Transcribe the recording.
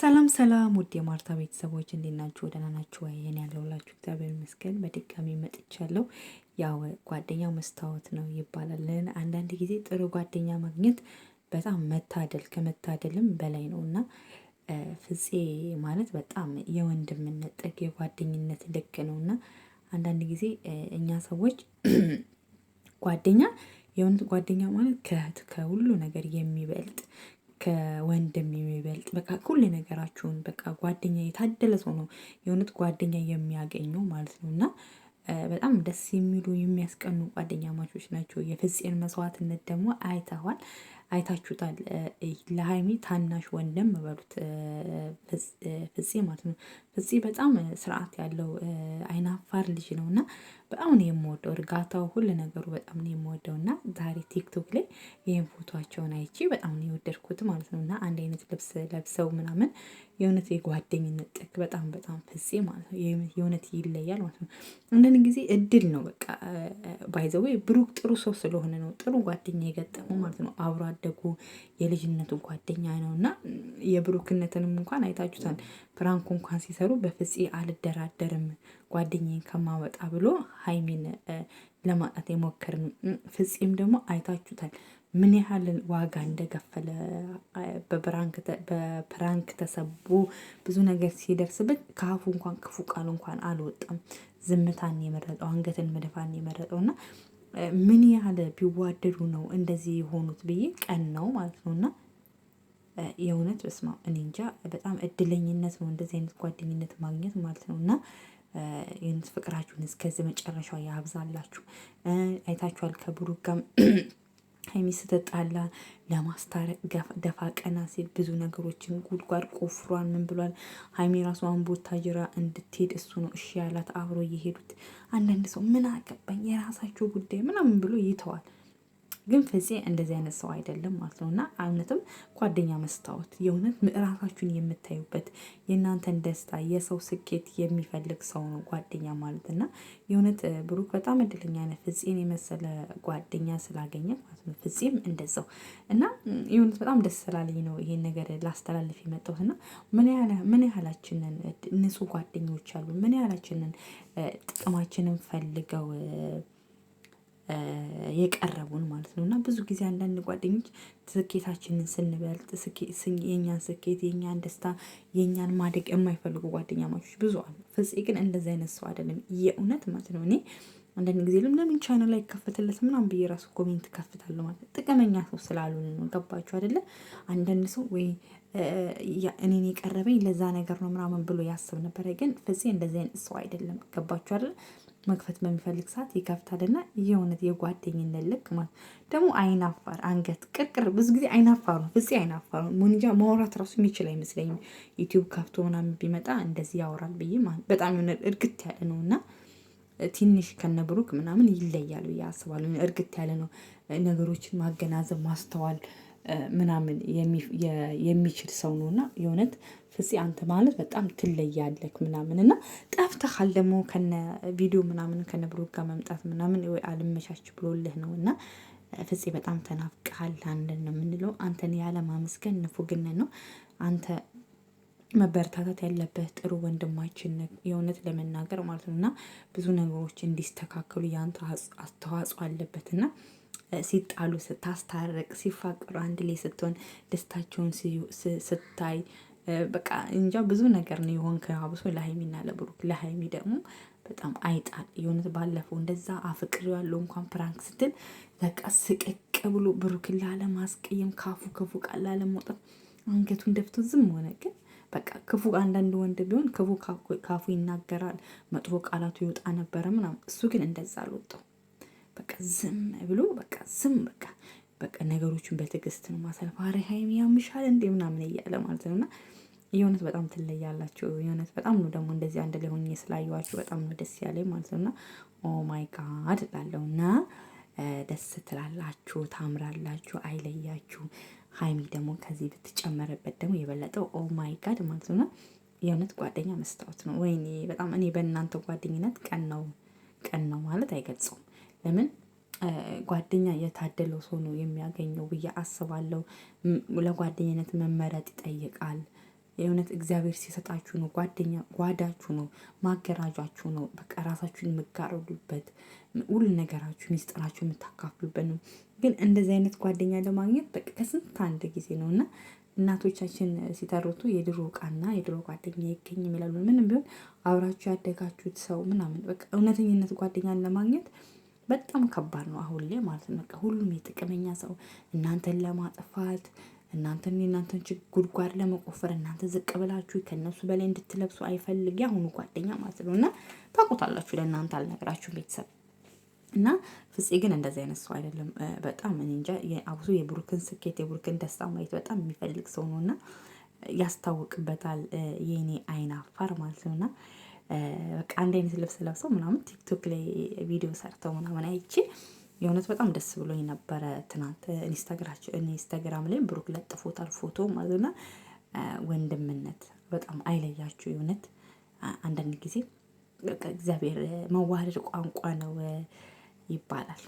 ሰላም ሰላም ውድ የማርታ ቤተሰቦች እንዴት ናችሁ? ደህና ናችሁ ወይ? እኔ ያለሁላችሁ እግዚአብሔር ይመስገን በድጋሚ መጥቻለሁ። ያው ጓደኛው መስታወት ነው ይባላልን። አንዳንድ ጊዜ ጥሩ ጓደኛ ማግኘት በጣም መታደል ከመታደልም በላይ ነው እና ፍፄ ማለት በጣም የወንድምነት ጥግ የጓደኝነት ልክ ነው እና አንዳንድ ጊዜ እኛ ሰዎች ጓደኛ የእውነት ጓደኛ ማለት ከእህት ከሁሉ ነገር የሚበልጥ ከወንድም የሚበልጥ በቃ ሁሌ ነገራችሁን በቃ ጓደኛ የታደለ ሰው ነው የእውነት ጓደኛ የሚያገኘው ማለት ነው። እና በጣም ደስ የሚሉ የሚያስቀኑ ጓደኛ ማቾች ናቸው። የፍፄን መስዋዕትነት ደግሞ አይተዋል። አይታችሁታል። ለሀይሚ ታናሽ ወንድም በሉት ፍፄ ማለት ነው። ፍፄ በጣም ስርዓት ያለው አይናፋር ልጅ ነው እና በጣም ነው የምወደው። እርጋታው፣ ሁሉ ነገሩ በጣም ነው የምወደው እና ዛሬ ቲክቶክ ላይ ይህን ፎቶቸውን አይቼ በጣም ነው የወደድኩት ማለት ነው እና አንድ አይነት ልብስ ለብሰው ምናምን የእውነት የጓደኝነት ጥግ በጣም በጣም ፍፄ ማለት ነው የእውነት ይለያል ማለት ነው። አንዳንድ ጊዜ እድል ነው በቃ ባይዘወይ ብሩክ ጥሩ ሰው ስለሆነ ነው ጥሩ ጓደኛ የገጠመው ማለት ነው አብሯ አደጉ የልጅነቱ ጓደኛ ነው እና የብሩክነትንም እንኳን አይታችሁታል። ፕራንኩ እንኳን ሲሰሩ በፍጽ አልደራደርም ጓደኛዬን ከማወጣ ብሎ ሀይሚን ለማጣት የሞከር ፍጽም ደግሞ አይታችሁታል ምን ያህል ዋጋ እንደከፈለ በፕራንክ ተሰቦ ብዙ ነገር ሲደርስበት ከአፉ እንኳን ክፉ ቃል እንኳን አልወጣም። ዝምታን የመረጠው አንገትን መደፋን የመረጠው እና ምን ያህል ቢዋደዱ ነው እንደዚህ የሆኑት ብዬ ቀን ነው ማለት ነው። እና የእውነት በስማ እኔ እንጃ በጣም እድለኝነት ነው እንደዚህ አይነት ጓደኝነት ማግኘት ማለት ነው። እና የእውነት ፍቅራችሁን እስከዚህ መጨረሻው ያብዛላችሁ። አይታችኋል ከብሩክ ጋርም ሀይሚ ስትጣላ ለማስታረቅ ደፋ ቀና ሲል ብዙ ነገሮችን ጉድጓድ ቆፍሯል። ምን ብሏል? ሀይሚ ራሷን ቡታጅራ እንድትሄድ እሱ ነው እሺ ያላት። አብሮ የሄዱት አንዳንድ ሰው ምን አገባኝ የራሳቸው ጉዳይ ምናምን ብሎ ይተዋል። ግን ፍፄ እንደዚህ አይነት ሰው አይደለም ማለት ነው እና እውነትም ጓደኛ መስታወት የእውነት ምዕራፋችሁን የምታዩበት የእናንተን ደስታ የሰው ስኬት የሚፈልግ ሰው ነው ጓደኛ ማለት እና የእውነት ብሩክ በጣም እድለኛ አይነት ፍፄን የመሰለ ጓደኛ ስላገኘ ማለት ነው። ፍፄም እንደዛው እና የእውነት በጣም ደስ ስላለኝ ነው ይሄን ነገር ላስተላልፍ የመጣሁት እና ምን ያህላችንን ንጹህ ጓደኞች አሉ ምን ያህላችንን ጥቅማችንን ፈልገው የቀረቡን ማለት ነው። እና ብዙ ጊዜ አንዳንድ ጓደኞች ስኬታችንን ስንበልጥ የእኛን ስኬት፣ የእኛን ደስታ፣ የእኛን ማደግ የማይፈልጉ ጓደኛ ማቾች ብዙ አሉ። ፍፄ ግን እንደዚ አይነት ሰው አይደለም። የእውነት ማለት ነው እኔ አንዳንድ ጊዜ ልም ለምን ቻናል ላይ ይከፈትለት ምናምን ብዬ ራሱ ኮሜንት ከፍታለሁ ማለት ነው። ጥቅመኛ ሰው ስላሉን ነው። ገባችሁ አይደለ? አንዳንድ ሰው ወይ እኔን የቀረበኝ ለዛ ነገር ነው ምናምን ብሎ ያስብ ነበረ። ግን ፍፄ እንደዚህ አይነት ሰው አይደለም። ገባችሁ አይደለ? መክፈት በሚፈልግ ሰዓት ይከፍታልና የእውነት የጓደኝነት ልክ ማለት ደግሞ አይናፋር አንገት ቅርቅር ብዙ ጊዜ አይናፋር ነው። ፍፄ አይናፋር ነው። ሞኒጃ ማውራት ራሱ የሚችል አይመስለኝም። ዩቲዩብ ከፍቶ ምናምን ቢመጣ እንደዚህ ያወራል ብዬ በጣም የሆነ እርግት ያለ ነው እና ትንሽ ከነብሩክ ምናምን ይለያሉ ያስባሉ። እርግት ያለ ነው። ነገሮችን ማገናዘብ ማስተዋል ምናምን የሚችል ሰው ነው እና የእውነት ፍፄ አንተ ማለት በጣም ትለያለክ ምናምን እና ጠፍተሃል ደግሞ ከነ ቪዲዮ ምናምን ከነ ብሎግ ጋር መምጣት ምናምን ወይ አልመቻች ብሎልህ ነው እና ፍፄ በጣም ተናፍቀሃል። አንድን ነው የምንለው አንተን ያለ ማመስገን ንፉግነት ነው። አንተ መበረታታት ያለበት ጥሩ ወንድማችን የእውነት ለመናገር ማለት ነው እና ብዙ ነገሮች እንዲስተካከሉ የአንተ አስተዋጽኦ አለበት እና ሲጣሉ ስታስታረቅ፣ ሲፋቀሩ አንድ ላይ ስትሆን ደስታቸውን ስታይ በቃ እንጃ ብዙ ነገር ነው የሆን ከአብሶ ለሀይሚና ለብሩክ ለሀይሚ ደግሞ በጣም አይጣል የሆነት ባለፈው እንደዛ አፍቅር ያለው እንኳን ፕራንክ ስትል በቃ ስቅቅ ብሎ ብሩክን ላለማስቀየም ካፉ ክፉ ቃል ላለመውጣት አንገቱን ደፍቶ ዝም ሆነ። ግን በቃ ክፉ አንዳንድ ወንድ ቢሆን ክፉ ካፉ ይናገራል፣ መጥፎ ቃላቱ ይወጣ ነበረ ምናምን። እሱ ግን እንደዛ አልወጣው። በቃ ዝም ብሎ በቃ ዝም በቃ በቃ ነገሮችን በትዕግስት ነው ማሳለፍ። አረ ሀይሚ ያምሻል እንዴ ምናምን እያለ ማለት ነው። እና የእውነት በጣም ትለያላችሁ። የእውነት በጣም ነው ደግሞ እንደዚህ አንድ ላይ ሆኜ ስላየኋችሁ በጣም ነው ደስ ያለኝ ማለት ነው። እና ኦ ማይ ጋድ እላለሁ እና ደስ ትላላችሁ፣ ታምራላችሁ፣ አይለያችሁ። ሀይሚ ደግሞ ከዚህ ብትጨመረበት ደግሞ የበለጠው ኦ ማይ ጋድ ማለት ነው። የእውነት ጓደኛ መስታወት ነው። ወይኔ በጣም እኔ በእናንተ ጓደኝነት ቀን ነው ቀን ነው ማለት አይገልጸውም። ለምን ጓደኛ የታደለው ሰው ነው የሚያገኘው ብዬ አስባለሁ። ለጓደኝነት መመረጥ ይጠይቃል። የእውነት እግዚአብሔር ሲሰጣችሁ ነው ጓደኛ ጓዳችሁ ነው ማገራጃችሁ ነው። በቃ ራሳችሁን የምጋረዱበት ሁሉ ነገራችሁ ሚስጥራችሁ የምታካፍሉበት ነው። ግን እንደዚህ አይነት ጓደኛ ለማግኘት በቃ ከስንት አንድ ጊዜ ነው እና እናቶቻችን ሲተርቱ የድሮ እቃና የድሮ ጓደኛ ይገኝ ይላሉ። ምንም ቢሆን አብራችሁ ያደጋችሁት ሰው ምናምን በቃ እውነተኝነት ጓደኛን ለማግኘት በጣም ከባድ ነው አሁን ላይ ማለት ነው። በቃ ሁሉም የጥቅመኛ ሰው እናንተን ለማጥፋት እናንተን የእናንተን ጉድጓድ ለመቆፈር እናንተ ዝቅ ብላችሁ ከእነሱ በላይ እንድትለብሱ አይፈልግ አሁኑ ጓደኛ ማለት ነው። እና ታውቁታላችሁ፣ ለእናንተ አልነግራችሁም ቤተሰብ እና ፍፄ ግን እንደዚህ አይነት ሰው አይደለም። በጣም እኔ እንጃ አብሶ የብሩክን ስኬት የብሩክን ደስታ ማየት በጣም የሚፈልግ ሰው ነው እና ያስታውቅበታል። የኔ አይን አፋር ማለት ነው እና በቃ አንድ አይነት ልብስ ለብሰው ምናምን ቲክቶክ ላይ ቪዲዮ ሰርተው ምናምን አይቼ የእውነት በጣም ደስ ብሎኝ ነበረ። ትናንት ኢንስታግራም ላይ ብሩክ ለጥፎታል ፎቶ ማለትና ወንድምነት በጣም አይለያችሁ። የእውነት አንዳንድ ጊዜ በቃ እግዚአብሔር መዋደድ ቋንቋ ነው ይባላል።